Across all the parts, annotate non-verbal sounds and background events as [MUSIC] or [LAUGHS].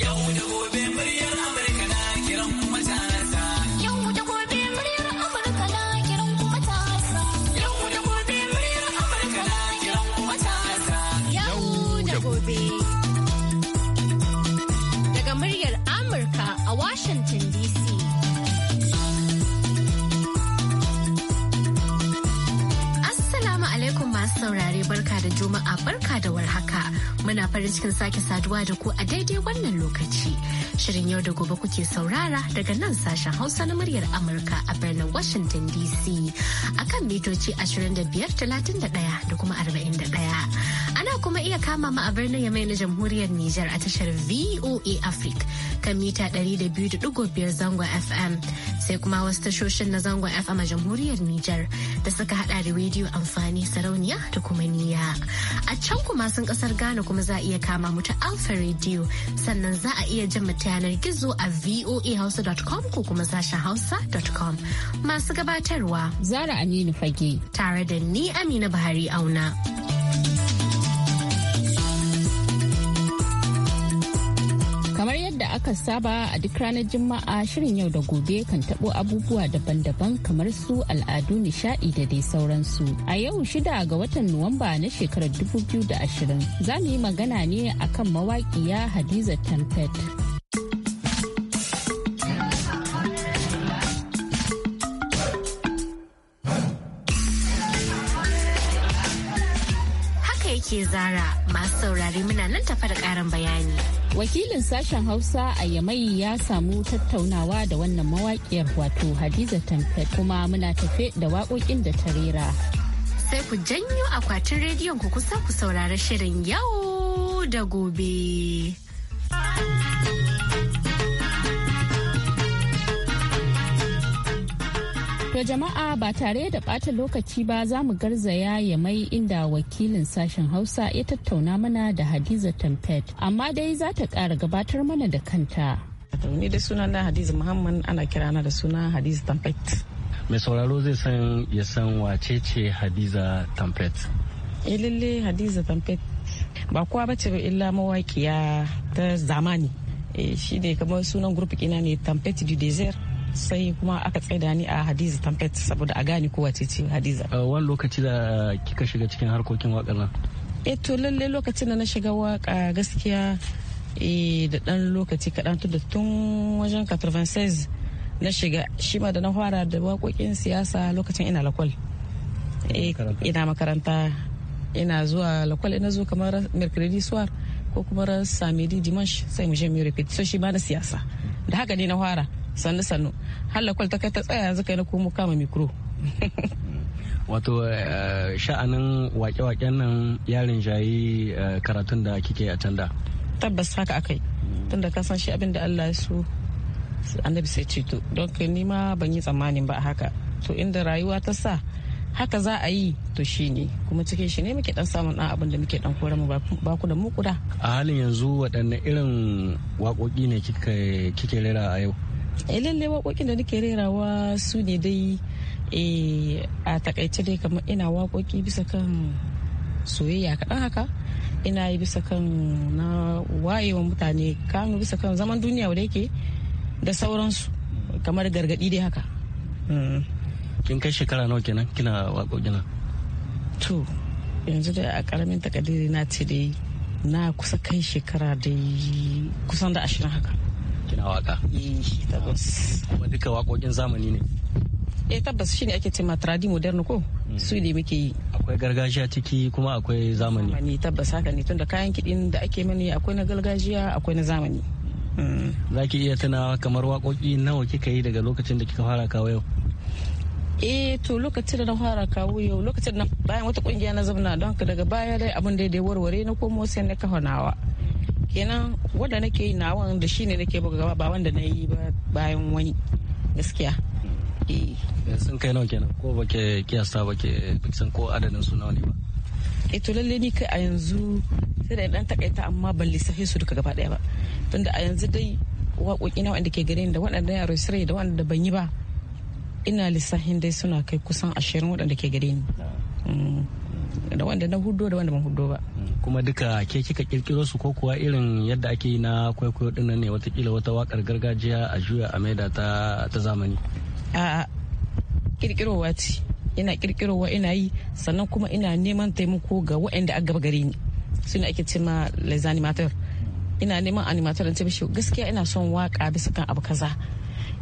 we do it. Juma'a barka da warhaka. Muna farin cikin sake saduwa da ku a daidai wannan lokaci. Shirin yau da gobe kuke saurara daga nan sashen Hausa na muryar Amurka a birnin Washington DC akan mitoci 2531 da kuma 41. Ana kuma iya kama mu a birnin Yamai na Jamhuriyar Nijar a tashar VOA Africa kan mita 200.5 zangon FM sai kuma wasu tashoshin na zangon FM a jamhuriyar Nijar da suka hada da rediyo amfani sarauniya da kuma niya. A can kuma sun kasar Ghana kuma za a iya kama mu ta Alpha Radio sannan za a iya jin ta yanar gizo a voahausa.com ko kuma sashen hausa.com. Masu gabatarwa Zara Aminu Fage tare da ni Amina Buhari Auna. aka saba a duk ranar Juma'a shirin yau da gobe kan tabo abubuwa daban-daban kamar su al'adu nishadi da dai sauransu. A yau shida ga watan Nuwamba na shekarar 2020 za mu yi magana ne akan mawaƙiya Hadiza Tempet. ke Zara masu saurari muna nan tafa da karin bayani. Wakilin sashen Hausa a Yamai ya samu tattaunawa da wannan mawaƙiyar wato Hadiza Tamfe kuma muna tafe da waƙoƙin da ta rera. Sai ku janyo akwatin rediyon ku kusa ku saurari shirin yau da gobe. To jama'a ba tare da ɓata lokaci ba za mu garzaya ya mai inda wakilin sashen Hausa ya tattauna mana da Hadiza Tempet, amma dai za ta ƙara gabatar mana da kanta. Ni da suna na Hadiza Muhammad ana kirana da suna Hadiza Tempet. Mai sauraro zai san ya san wace ce Hadiza Tempet. Eh, lalle Hadiza Tempet ba kowa ba ce illa mawaƙiya ta zamani. Eh, shi ne kamar sunan gurfi kina ne Tempet du Desert. sai kuma aka tsaida ni a hadiza tampet saboda a gane ko ce ce hadiza uh, wani lokaci da kika shiga cikin harkokin waƙar nan eh to lalle lokacin da na shiga waƙa gaskiya eh, da dan lokaci kaɗan tun da tun wajen 96 na shiga shi ma da na fara da waƙoƙin siyasa lokacin ina lakwal ina eh, makaranta ina zuwa lakwal ina zuwa kamar mercredi suwar ko kuma samedi dimash sai mu je mu repeat so shi ma na siyasa da haka ne na fara sannu sannu halakwal ta kai ta tsaya yanzu kai na komo kama mikro wato eh, sha'anin wake-waken nan yarin jayi eh, karatun da kike a tanda tabbas haka akai mm. tunda ka san shi abin da Allah ya so annabi sai ceto don ka nima ban yi tsammanin ba haka to inda rayuwa ta sa haka za a yi to shi ne kuma cikin shi ne muke dan samun dan abin da muke dan kore mu ba ku da mu kuda a halin yanzu waɗanne irin waƙoƙi ne kike rera a yau Eh, lallai waƙoƙin da nake rerawa su ne dai eh, a takaice dai kamar ina waƙoƙi bisa kan soyayya kaɗan haka ina yi bisa kan na wayewa mutane kanu bisa kan zaman duniya da yake da sauransu kamar gargaɗi dai haka hmm. kin kai shekara nawa kenan kina waƙoƙina to yanzu dai a ƙaramin takadiri na ce dai na kusa kai shekara dai kusan da ashirin haka na waka kuma duka wakokin zamani ne eh tabbas shine ake ce ma tradi modern ko mm. su ne muke yi akwai gargajiya ciki kuma akwai zamani zamani tabbas haka ne tunda kayan kidin da ake mani akwai na gargajiya akwai na zamani mm. za ki iya tunawa kamar wakoki nawa kika yi daga lokacin da kika fara kawo yau eh to lokacin da na fara kawo yau lokacin na bayan wata kungiya na zamna don haka daga baya dai abin da ya warware na komo sai na kafa nawa kenan wanda nake yi nawan da shine nake buga gaba ba wanda na yi ba bayan wani gaskiya eh. sun kai nawa kenan ko bake kiyasta bake san ko adadin su nawa ne ba eh to lalle ni kai a yanzu sai da dan takaita amma ban lissafe su duka gaba daya ba tunda a yanzu dai waƙoƙi na wanda ke gare ni da waɗanda yaro sirri da waɗanda ban yi ba ina lissafin dai suna kai kusan ashirin waɗanda ke gare ni mm. da wanda na hudo da wanda ban hudo ba kuma duka ke kika kirkiro su ko kuwa irin yadda ake yi na kwaikwayo nan ne watakila wata wakar gargajiya a juya a maida ta ta zamani a kirkiro wati ina wa ina yi sannan kuma ina neman taimako ga waɗanda a gaba gare ni su ne ake ce ma les animateur ina neman animator in ce gaskiya ina son waka bisa kan abu kaza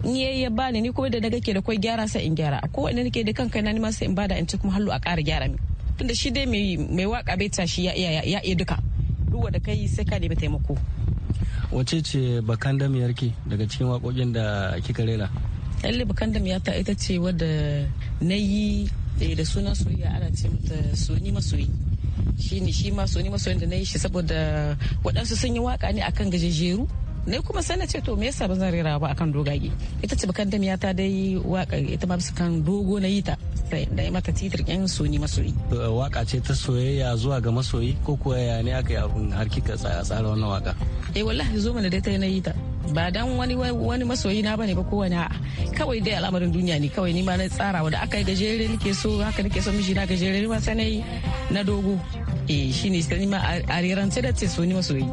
in yi ya bani ni kuma da daga ke da kwai gyara sai in gyara a kowanne nake da kanka na neman sai in bada in ce kuma hallu a ƙara gyara min tunda shi dai mai waka bai tashi ya iya ya iya duka duk da kai sai ka nemi taimako wace ce bakan damiyar ki daga cikin wakokin da kika rera lalle bakan damiyata ita ce wadda na yi eh, da sunan soyayya ana ce mata soni masoyi shi ne shi ma soni masoyin da na yi shi saboda waɗansu sun yi waka ne akan gajejeru na kuma sai na ce to me yasa ba zan rera ba akan dogage ita ce bakan damiya ta dai waka ita ma bisa kan dogo na yi ta da mata titir yan soni masoyi waka ce ta soyayya zuwa ga masoyi ko kuwa ya ne aka yi har kika tsara wannan waka eh wallahi zo mana dai ta yi ta ba dan wani wani masoyi na bane ba kowane a'a kawai dai al'amarin duniya ne kawai ni ma na wa da aka yi gajere nake so haka nake so miji na gajere ma sanai na dogo eh shine sai ni ma a rirance da ce soni masoyi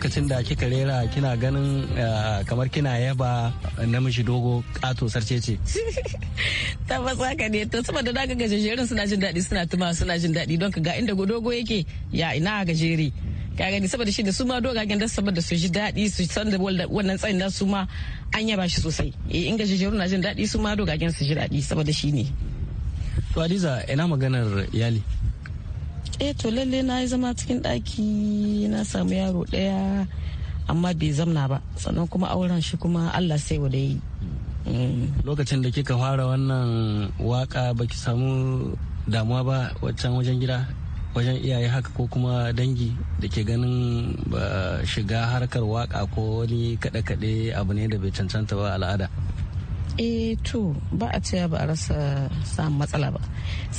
lokacin da kika rera kina ganin eh, kamar kina yaba namiji dogo kato sarce ce [LAUGHS] tabbas haka ne to saboda da ga gajejerin suna jin daɗi suna tuma suna jin daɗi don ka ga inda dogo yake ya ina gajere ka gani saboda shi da su ma dogagen da saboda su ji daɗi su san da wannan tsayin na su ma an yaba shi sosai eh, in gajejerin na jin daɗi su ma dogagen su ji daɗi saboda shi ne to adiza ina maganar iyali eh to lalle na yi zama cikin ɗaki na samu yaro ɗaya amma bai zamna ba sannan kuma auren shi kuma allah sai wa yi mm. lokacin da kika fara wannan waka baki samu damuwa ba waccan wajen gida wajen iyaye haka ko kuma dangi da ke ganin ba shiga harkar waka ko wani kaɗe-kaɗe abu ne da bai cancanta ba al'ada eh to ba a ce ba a rasa samun matsala ba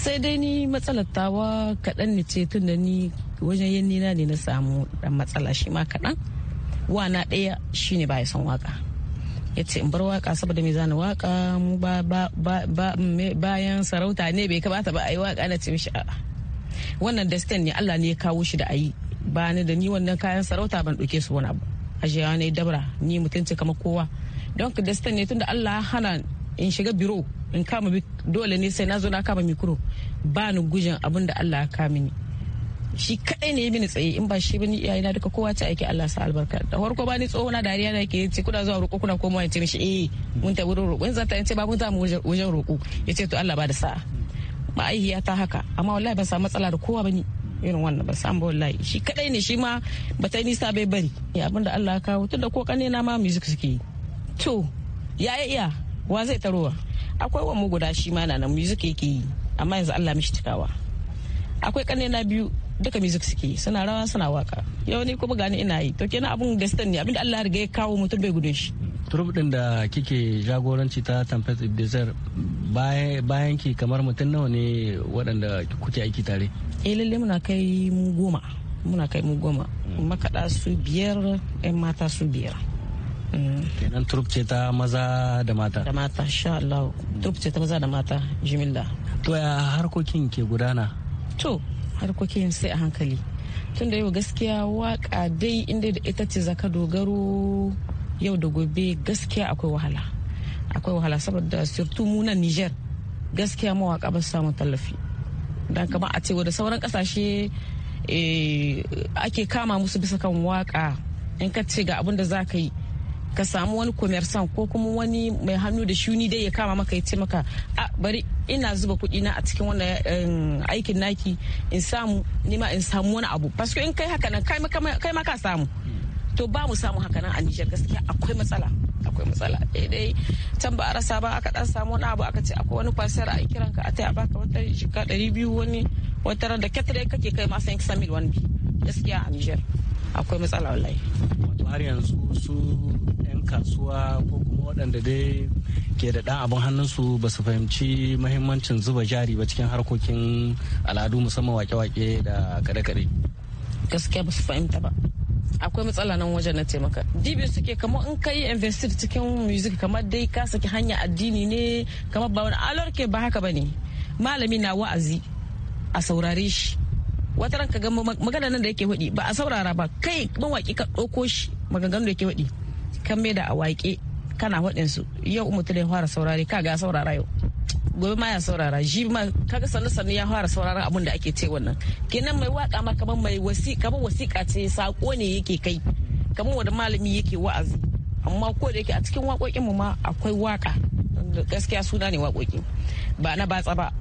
sai dai ni matsalar tawa kaɗan ni ce tun da ni wajen yin nina ne na samu dan matsala shi ma kaɗan wana ɗaya shine ba ya son waka ya ce in bar waka saboda mai zana waka mu bayan sarauta ne bai kamata ba a yi waka na ce mishi a wannan destin ne Allah ne ya kawo shi da ayi ba ni da ni wannan kayan sarauta ban ɗauke su wani abu a ne dabra ni mutunci kamar kowa don ka dasta ne tunda Allah hana in shiga biro in kama dole ne sai na zo na kama mikro ba ni gujin abin da Allah ya kama ni shi kadai ne ya mini tsaye in ba shi bane iyayena duka kowa ta aiki Allah sa albarka da farko ba ni na dariya na ke ce kuna zuwa roƙo kuna komawa ce mishi eh mun ta wurin roƙo in zata in ce ba mun za mu wajen roƙo yace to Allah ba da sa'a ma'aihiya ta haka amma wallahi ban samu matsala da kowa bane irin wannan ba samu wallahi shi kadai ne shi ma ba yi nisa bai bari abin da Allah ya kawo tunda ko kane na ma music suke yi to ya iya wa zai tarowa akwai wa guda shi ma na music yake yi amma yanzu Allah mishi cikawa akwai kanne na biyu duka music suke suna rawa suna waka yau ni kuma gani ina yi to kenan abun destin ne abinda Allah kawo mutum bai gudun shi turup din da kike jagoranci ta tempest desert bayan ki kamar mutum nawa ne waɗanda kuke aiki tare eh lalle muna kai mu goma muna kai mu goma makaɗa su biyar 'yan mata su biyar kenan turp ce ta maza da mata da mata sha Allah turp ce ta maza da mata jimilla to ya harkokin ke gudana to harkokin sai a hankali tun da yau gaskiya waka dai inda da ita ce zaka dogaro yau da gobe gaskiya akwai wahala akwai wahala saboda surtu mu na Niger gaskiya mawaka ba su samu tallafi dan kama a ce da sauran kasashe eh, ake kama musu bisa kan waka in ka ce ga abin da za ka yi ka samu wani commerçant ko kuma wani mai hannu da shuni dai ya kama maka ya ce maka a ah, bari ina zuba kuɗi na a cikin wani aikin naki in samu nima in samu wani abu parce in kai haka nan kai ma ka samu to ba mu samu haka nan a Nijar gaskiya akwai matsala akwai matsala eh dai can ba a rasa ba aka dan samu wani abu aka ce akwai wani kwasar a kiran ka a taya baka wata shika ɗari biyu wani wata da ketare kake kai ma san kisa mil wani gaskiya a Nijar akwai matsala wallahi. Wato har yanzu su kasuwa ko kuma waɗanda dai ke da ɗan abin hannunsu ba su fahimci mahimmancin zuba jari ba cikin harkokin al'adu musamman wake-wake da kaɗe-kaɗe. Gaskiya ba su fahimta ba. akwai matsala nan wajen na taimaka dibi suke kamar in ka yi invested cikin music kamar dai ka saki hanya addini ne kamar ba wani ke ba haka bane malami na wa'azi a saurare shi wata ranka ga magana nan da yake hudi ba a saurara ba kai mawaki ka ɗauko shi maganganu da yake hudi kan me da awaƙe kana waɗansu yau mutum ya fara saurare ka ga saurara yau gobe ma ya saurara ji ma kaga sannu sannu ya fara sauraron abin da ake ce wannan kenan mai waka ma kamar mai wasi kamar wasiƙa ce sako ne yake kai kamar wani malami yake wa'azi amma ko da yake a cikin waƙoƙin mu ma akwai waka gaskiya suna ne waƙoƙi ba na batsa ba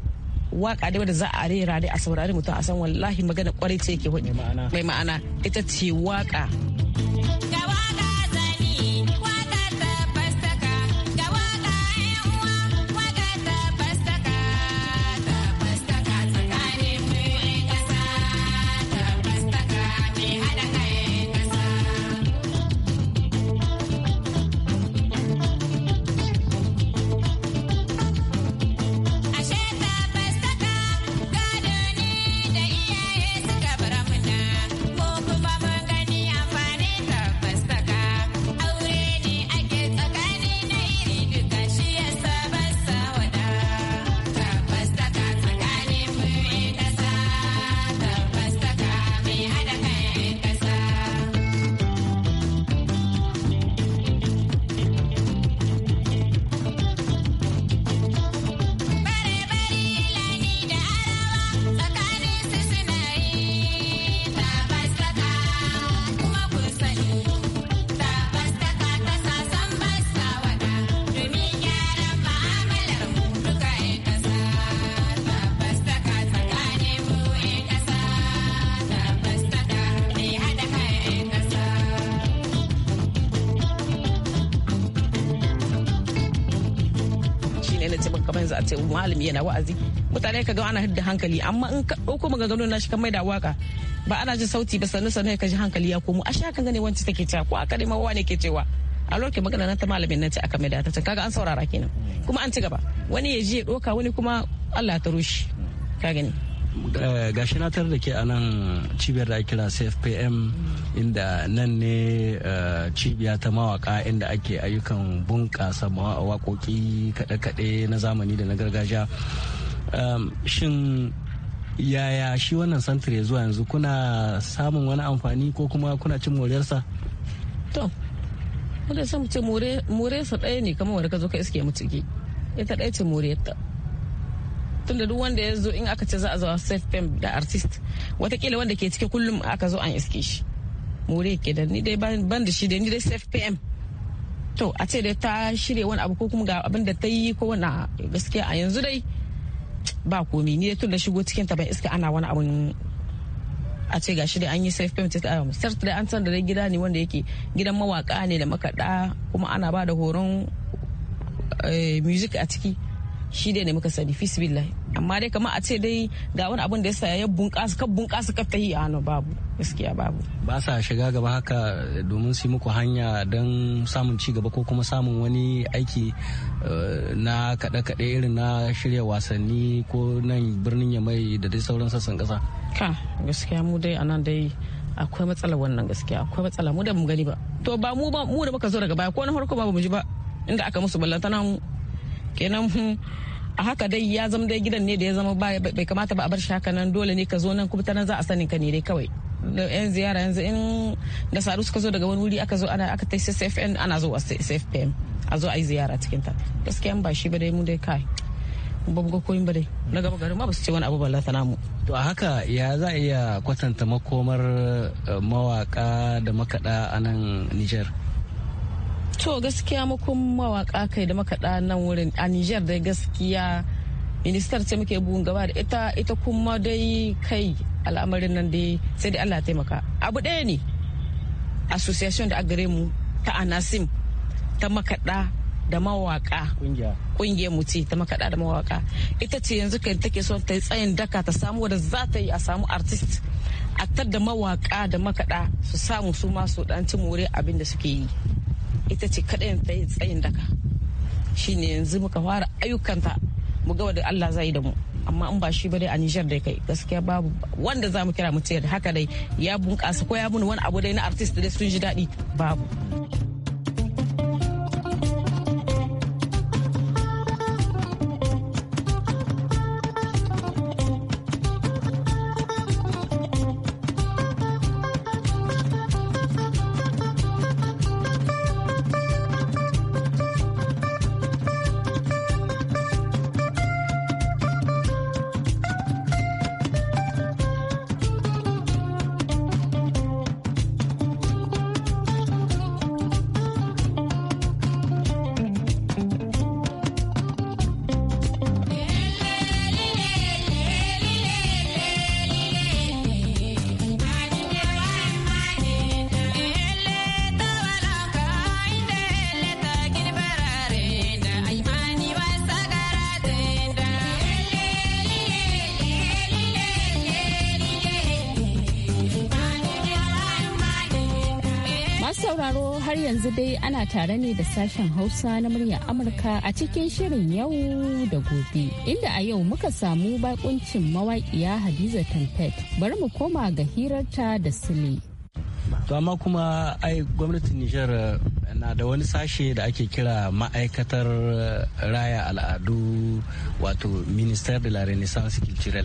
waka dai wanda za a rera dai a saurari mutum a san wallahi magana kwarai ce yake mai ma'ana ita ce waka ce malami yana wa'azi mutane ka ga ana hidda hankali amma in ka ɗauko maganganun nashi kan mai da waka ba ana ji sauti ba sannu sannu ka ji hankali ya komo a sha ka gane wancan take cewa ko aka nema wane ke cewa a lokacin magana na ta malamin nan ce aka mai da ta kaga an saurara kenan kuma an ci gaba wani ya ji ya doka wani kuma Allah ta rushe ka gani Eh, gashi na da ke a nan cibiyar da kira cfpm inda nan ne eh, cibiya ta mawaka inda ake ayyukan bunƙasa waƙoƙi kaɗe-kaɗe na zamani da na gargajiya ehm, shin yaya shi wannan santir ya zuwa yanzu kuna samun wani amfani ko kuma kuna cin moriyarsa to wanda san mu ce moriyarsa ɗaya ne kamar wani ka zo ka iske mu ciki ita ɗaya ce moriyarta tunda duk wanda ya zo in aka ce za a zawa safe fame da artist watakila wanda ke cike kullum aka zo an iske shi more ke da ni dai ban da shi da ni dai safe fame to a ce dai ta shirya wani abu ko kuma ga abin da ta yi ko wani gaskiya a yanzu dai ba komi ni dai tun da shigo cikin ta ban iska ana wani abun a ce gashi da an yi safe payment ta um, sart da an san da gida ne wanda yake gidan mawaka ne da makaɗa kuma ana ba da horon eh, music a ciki shi dai ne muka sani fisbillah amma dai kamar a ce dai ga wani abin da ya saya ya bunƙasa ka bunƙasa ka tahi a ah, babu gaskiya babu ba sa shiga gaba haka domin su muku hanya don samun ci gaba ko kuma samun wani aiki eh, na kaɗe-kaɗe irin na shirya wasanni ko nan birnin ya mai da dai sauran sassan ƙasa ka gaskiya mu dai anan dai akwai matsala wannan gaskiya akwai matsala mu da mu gani ba to ba mu ba mu da muka zo daga baya ko na farko ba mu ji ba inda aka musu ballantana mu kenan hmm, a haka dai ya zama dai gidan ne da ya zama bai kamata ba a bar shi haka nan dole ne ka zo nan kuma ta nan za a sanin ka ne dai kawai da yan ziyara yanzu in da saru suka zo daga wani wuri aka zo ana aka ta CFN ana zo a a zo a yi ziyara cikin ta gaskiya ba shi ba dai mu dai kai ba mu ga koyin ba dai na gaba garin ma ba su ce wani abu balla ta namu to a haka ya za a iya kwatanta makomar eh, mawaka da makada a nan Niger to gaskiya mukun mawaka kai da makaɗa nan wurin a niger dai gaskiya ministar ce muke bugun gaba da ita ita kuma dai kai al'amarin nan dai sai dai allah taimaka abu ɗaya ne association da agare mu ta anasim ta makaɗa da mawaka kungiyar mu ta makaɗa da mawaka ita ce yanzu kai take son ta yi tsayin daka ta samu da za ta yi a samu artist a da mawaka da makaɗa su samu su masu su more abin da suke yi ita ce kaɗai ta tsayin daka shine yanzu muka fara ayyukanta mu ga da Allah zai da mu amma in ba shi ba dai a Nijar dai kai gaskiya babu wanda za mu kira mu da haka dai ya bunƙasa ko ya mun wani abu dai na artist dai sun ji daɗi babu yanzu dai ana tare ne da sashen Hausa na muryar Amurka a cikin shirin yau da gobe. Inda a yau muka samu bakuncin mawaƙiya Hadiza Tamfet. Bari mu koma ga hirarta da Sule. To amma kuma ai gwamnatin Nijar eh, na da wani sashe da ake kira ma'aikatar eh, raya al'adu wato Minister de la Renaissance cultural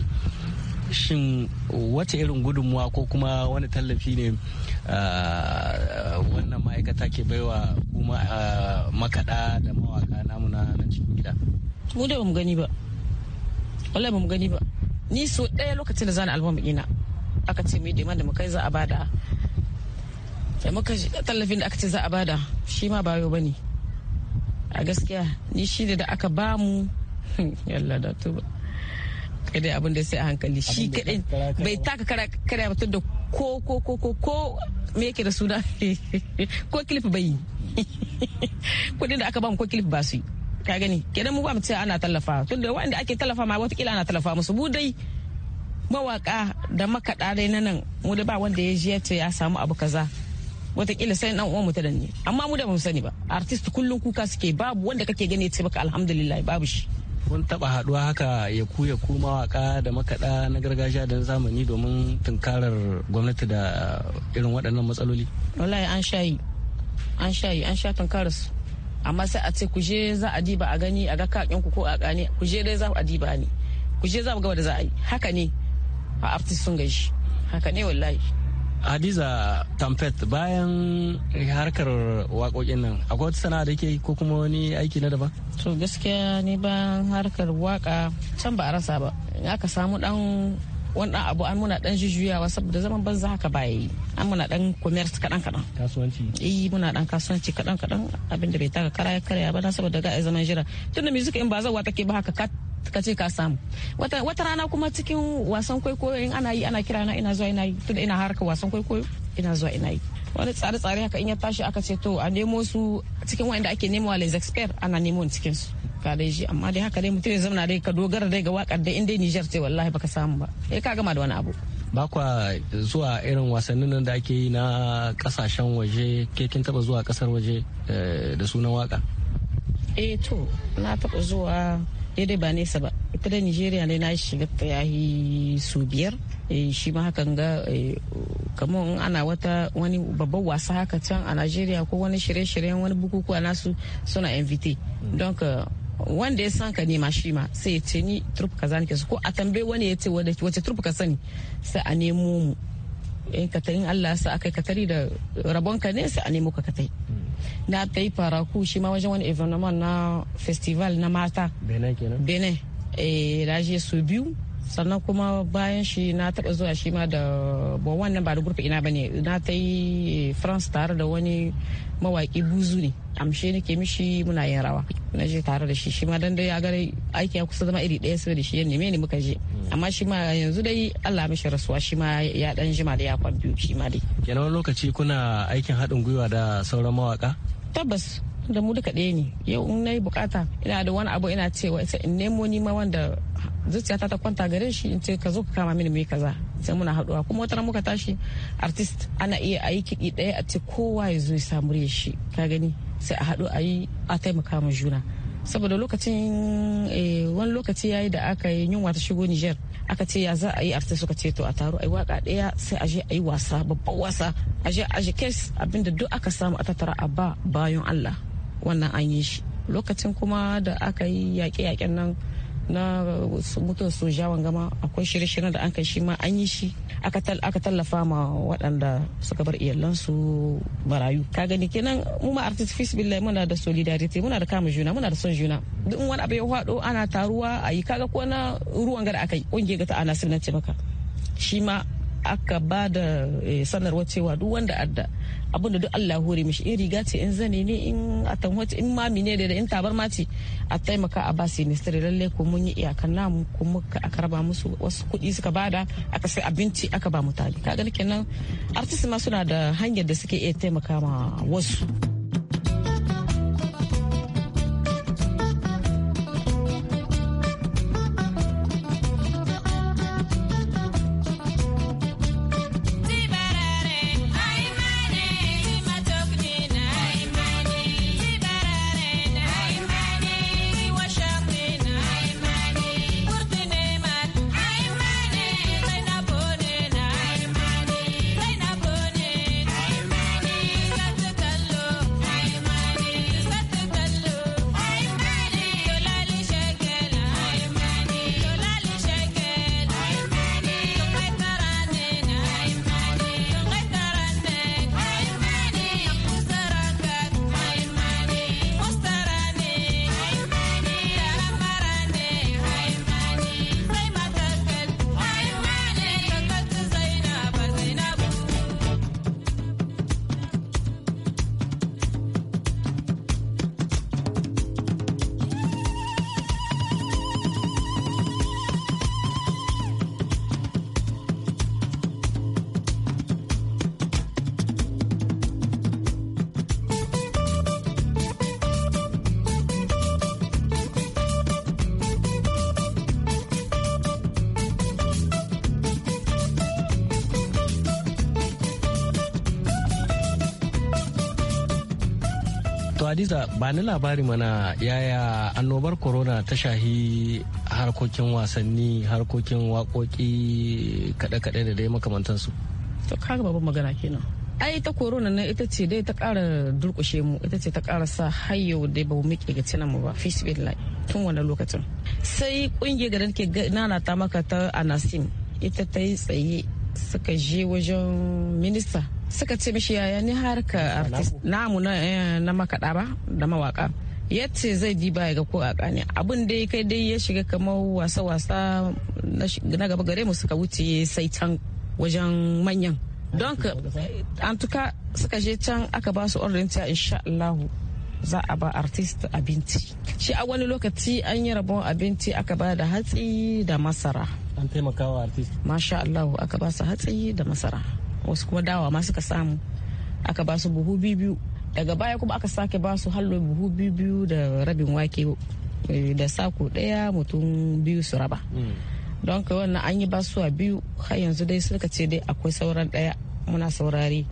Shin wace irin gudunmuwa ko kuma wani tallafi ne ah, wannan bukata ke baiwa kuma ah, makada da mawaka namu na nan cikin gida mu da bamu gani ba wallahi bamu gani ba ni so ɗaya lokacin da zan album ina aka ce mai demand da mu kai za a bada da muka tallafin da aka ce za a bada shi ma ba yau bane a gaskiya ni shi da aka bamu hmm, yalla da tuba kai dai abin da sai a hankali shi kadai bai taka kara kare mutum da ko ko ko ko ko me yake da suna [LAUGHS] ko kilif bai yi [LAUGHS] kudin da aka bamu ko kilif ba su yi ka gani kenan mu ba mu ana tallafa tunda waɗanda ake tallafa ma kila ana tallafa musu mu dai mawaka da makada dai na nan mu da ba wanda ya ji ta ya samu abu kaza kila sai dan uwan mu ta danne amma mu da mu sani ba artist kullun kuka suke babu wanda kake gani ya ce baka alhamdulillah babu shi kun taba haduwa haka ya ku ya ku mawaka da makaɗa na gargajiya da zamani domin tunkarar gwamnati da irin waɗannan matsaloli wallahi an shayi an shayi an sha tunkarar su amma sai a ce ku je za a diba a gani a ga kakin ku ko a gani ku je dai za a diba ne ku je za mu ga wanda za a yi haka ne a aftis sun gaji haka ne wallahi hadiza tamfet bayan harkar waƙoƙin nan akwai wata sana'a da ke ko kuma wani aiki na daban to gaskiya ni bayan harkar waka can ba a rasa ba in aka samu dan wani dan abu an muna dan jujjuyawa saboda zaman banza haka ba yi an muna dan commerce kaɗan kaɗan kasuwanci eh muna dan kasuwanci kaɗan kaɗan abinda bai taka kara ya karya ba na saboda ga zaman jira tunda music in ba zan wata ke ba haka ka ce ka samu wata rana kuma cikin wasan kwaikwayo in ana yi ana kira na ina zuwa ina yi tun ina harka wasan kwaikwayo ina zuwa ina yi wani tsare-tsare haka in ya tashi aka ce to a nemo su cikin wanda ake nemo wa expert ana nemo cikin su ka dai shi amma dai haka dai mutum ya zama dai ka dogara dai ga wakar dai in dai Niger ce wallahi baka samu ba eh ka gama da wani abu ba kwa zuwa irin wasannin nan da ake yi na kasashen waje ke kin taba zuwa kasar waje eh, da sunan waka eh to na taba zuwa dai ba nesa ba ita da nigeria ne na shiga ta yahi su biyar eh, shi ma hakan ga eh, kamar in ana wata wani babban wasa haka can a nigeria ko wani shirye-shiryen wani bukukuwa nasu suna invite don ka wanda ya san ka nema shi ma sai ya ce ni turp kaza nake su ko a tambaye wani ya ce wace turp ka sani sai a nemo mu Eh, in ka tayin Allah sa aka ka tari da rabon ka ne sai a nemo ka ka tai hmm. na tai faraku shi ma wajen wani evenement na festival na mata benin kenan benin eh raje su biyu sannan kuma bayan shi na taba zuwa shi ma da bo wannan ba da gurfi ina bane na tai France tare da wani mawaki buzu ne amshe nake mishi muna yin rawa na je tare da shi shi ma dan dai ya gare aiki ya kusa zama iri ɗaya sai da shi yanne mene muka je hmm. amma shi ma yanzu dai Allah mishi rasuwa shi ma ya dan jima da ya kwabbi shi ma dai kenan wani lokaci kuna aikin haɗin gwiwa da sauran mawaka tabbas da mu duka ɗaya ne yau in na bukata ina da wani abu ina cewa in nemo ni ma wanda zuciyata ta kwanta gare shi in ce ka zo ka kama mini mai kaza sai muna haduwa kuma wata muka tashi artist ana iya ayi kiɗi ɗaya a ce kowa ya zo ya samu shi ka gani sai a haɗu a yi a taimaka ma juna saboda lokacin eh, wani lokaci yayi da aka yi yunwa ta shigo Niger aka ce ya za a yi artist suka ce to a taro ayi waka ɗaya sai a je a yi wasa babban wasa a je a je kes abinda duk aka samu a tattara a ba bayan Allah wannan an yi shi lokacin kuma da aka yi yaƙe-yaƙen nan na su sojawan gama akwai shirye-shiryen da an kai shi ma an yi shi aka tallafa ma waɗanda suka bar iyalansu marayu ka gani kenan mu ma artifice billahi muna da solidarity muna da kama juna muna da son juna duk wani abu ya faɗo ana taruwa a yi kaga ko na ruwan gada akai ƙungiyar ta na sun ce maka shi ma aka ba da eh, sanarwa cewa duk wanda adda abin da duk Allah hore mishi in riga ce in zane ne in atanwa in mami ne da in tabar mace a taimaka a basi ministry lalle ko mun yi iyakan namu ko muka aka raba musu wasu kuɗi suka bada aka sai abinci aka ba mutane kaga kenan artist ma suna da hanyar da suke iya taimaka ma wasu. hadiza ba ni labari mana yaya annobar corona ta shahi harkokin wasanni harkokin waƙoƙi kaɗe-kaɗe da dai makamantansu to kaga babban magana kenan ai ta corona na ita ce dai ta ƙara durƙushe mu ita ce ta ƙara sa hayo da ba mu miƙe ga cinan mu ba fisbillah tun wannan lokacin sai ƙungiyar da nana ta maka ta anasim ita ta yi tsaye suka je wajen minista suka ce mishi yaya ni harka artist namu na eh, makaɗa ba da mawaka yace zai bi ya ga ko a ne abin dai kai dai ya shiga kamar wasa-wasa na gaba gare mu suka wuce sai can wajen manyan don an tuka suka je can aka ba su ordin ta insha Allah za a ba artist abinci shi a wani lokaci an yi rabon abinci aka ba da hatsi da masara an taimakawa artist masha Allah aka ba su hatsi da masara wasu kuma dawa ma suka samu aka ba su buhu biyu daga baya kuma aka sake ba su hallo buhu biyu da rabin wake eh, da sako daya mutum biyu su raba hmm. don ka wannan an yi a biyu har yanzu dai suka ce dai akwai sauran ɗaya muna saurari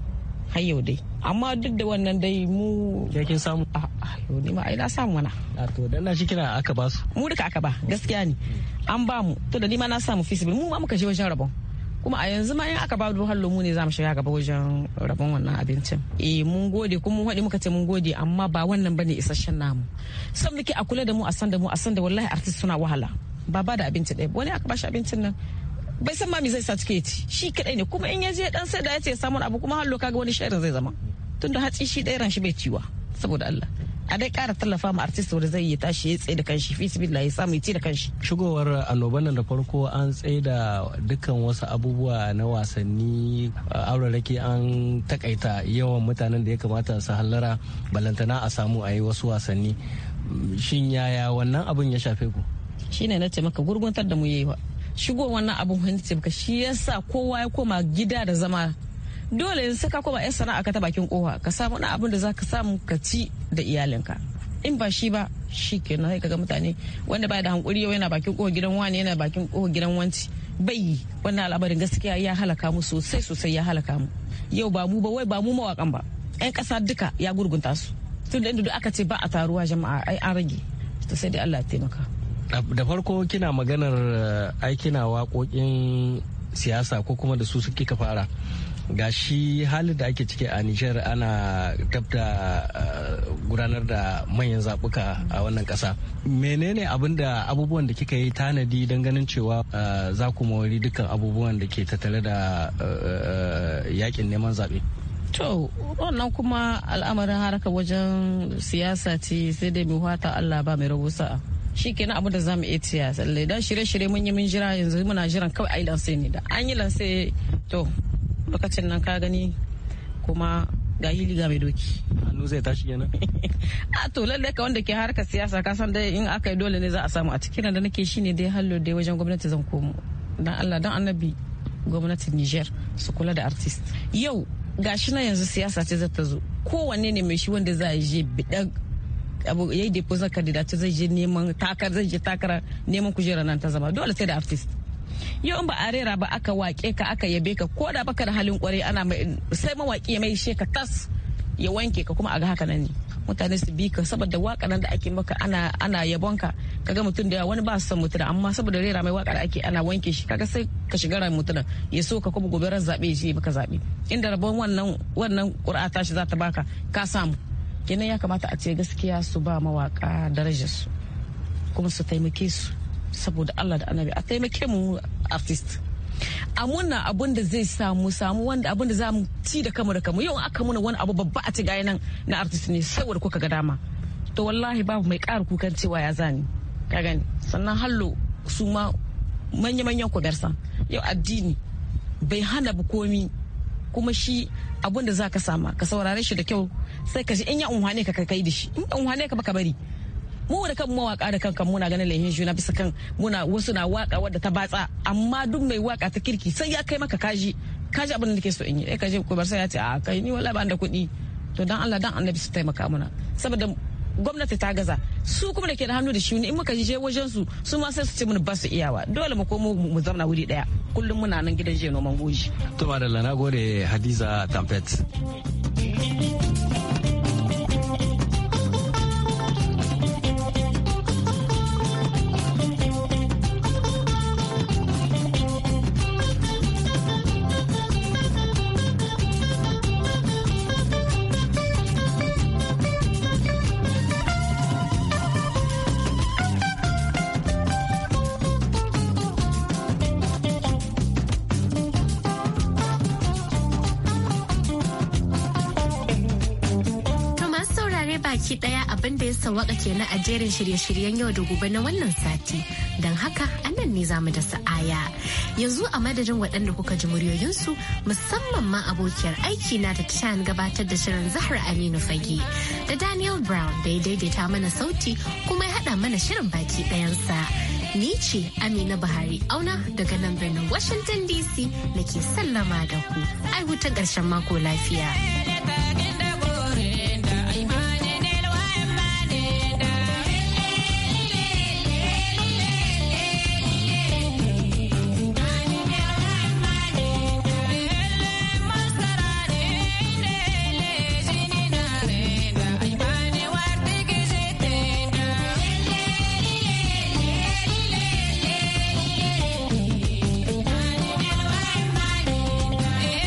har yau dai amma duk da wannan dai mu kin samu a yau ma ai na samu wana a to dan na shi kina aka ba su mu duka aka ba gaskiya ne an ba mu to da ni ma na samu fisibil mu ma muka je wajen rabon kuma a yanzu ma in aka ba duhar mu ne za mu shiga gaba wajen rabon wannan abincin eh mun gode kuma mun haɗi muka ce mun gode amma ba wannan bane isasshen namu san muke a kula da mu a san da mu a san da wallahi artist suna wahala ba ba da abinci ɗaya wani aka ba shi abincin nan bai san ma me zai sa cike ci shi kadai ne kuma in ya je dan sai da ya ce samun abu kuma hallo kaga wani sharin zai zama tunda hatsi shi ɗaya ran shi bai ciwa saboda Allah a dai kara tallafa ma artist wanda zai yi tashi ya tsaye da kanshi fi ya samu ya da kanshi shigowar annoban nan da farko an tsaye da dukkan wasu abubuwa na wasanni eh, aurarake an takaita yawan mutanen da ya kamata su hallara balantana a samu a yi wasu wasanni shin yaya wannan abin ya shafe ku shine na ce maka gurguntar da mu yayi ba shigo wannan abin hanci shi yasa kowa ya koma gida da zama dole sai ka koma 'yan sana'a ka ta bakin kowa ka samu na abin da za ka samu ka ci da iyalinka in ba shi ba shi kenan sai kaga mutane wanda ba da hankuri yau yana bakin kowa gidan wani yana bakin kowa gidan wanci bai yi wannan al'amarin gaskiya ya halaka mu sosai sosai ya halaka mu yau ba mu ba wai ba mu mawakan ba 'yan kasa duka ya gurgunta su tun da inda aka ce ba a taruwa jama'a ai an rage to sai dai Allah ya taimaka da farko kina maganar eh, aikina waƙoƙin siyasa ko kuma da su suke ka fara ga shi halin da ake ciki a niger ana dab da eh, gudanar da manyan zabuka a wannan ƙasa menene abin da abubuwan da kika yi tanadi don ganin cewa eh, za ku mawari dukkan abubuwan da ke tattare da eh, yakin neman zaɓe to wannan kuma al'amarin haraka wajen siyasa ce sai dai mai wata allah ba mai rabu sa'a shi kenan abu da zamu iya tiya tsalle don shirye-shirye mun yi mun jira yanzu muna jiran kawai a yi lanse ne da an yi lanse to lokacin nan ka gani kuma ga hili ga mai doki hannu zai tashi kenan [LAUGHS] a to lalle ka wanda ke harkar siyasa ka san dai in aka yi dole ne za a samu a cikin da nake shine dai hallo dai wajen gwamnati zan komo dan Allah dan annabi gwamnatin Niger su kula da artist yau gashi na yanzu siyasa ce zata zo kowanne ne mai shi wanda za a je bidan yayi deposit candidature zai je neman takar zai je takara neman kujera nan ta zama dole sai da artist yau in ba a rera ba aka wake ka aka yabe ka ko da baka da halin kwarai ana sai ma ya mai sheka tas ya wanke ka kuma a ga haka nan ne mutane su bi ka saboda waka nan da ake maka ana ana yabon ka kaga mutum da wani ba su san mutum amma saboda rera mai waka da ake ana wanke shi kaga sai ka shiga ran mutum ya so ka kuma gobe ran zabe shi baka zabe inda rabon wannan wannan tashi za ta baka ka samu kenan ya kamata a ce gaskiya su ba mawaka darajar su kuma su taimake su saboda Allah da annabi a taimake mu artist a muna abun da zai samu samu wanda abun da za mu ci da kamu da kamu yau aka muna wani abu babba a ci nan na artist ne saboda kuka ga dama to wallahi babu mai ƙara kukan cewa ya zani ka gani sannan hallo su ma manya-manyan ku yau addini bai hana komi kuma shi abun da za ka sama ka saurare shi da kyau sai ka ji in ya ne ka kai da shi in ba ne ka baka bari mu da kan mawaka da kanka muna ganin lahin juna bisa kan muna wasu na waka wadda ta batsa amma duk mai waka ta kirki sai ya kai maka kaji kaji abin da nake so in yi eh kaji ko bar sai ya ce a ah, kai ni wallahi ba da kuɗi to dan Allah dan Annabi su taimaka muna saboda gwamnati ta gaza su kuma da ke da hannu da shi in muka je wajen su su ma sai su ce mun ba su iyawa dole mu komo mu zauna wuri daya kullum muna nan gidan je noman goji to madalla na gode hadiza tampet saurare baki daya abin da ya sawaka kenan a jerin shirye-shiryen yau da gobe na wannan sati. Don haka anan ne zamu da sa'aya. Yanzu a madadin waɗanda kuka ji muryoyinsu musamman ma abokiyar aiki na ta tashan gabatar da shirin Zahra Aminu Fage da Daniel Brown da ya daidaita mana sauti kuma ya haɗa mana shirin baki ɗayansa. Ni ce Amina Buhari auna daga nan birnin Washington DC da ke sallama da ku. Ai huta ƙarshen mako lafiya.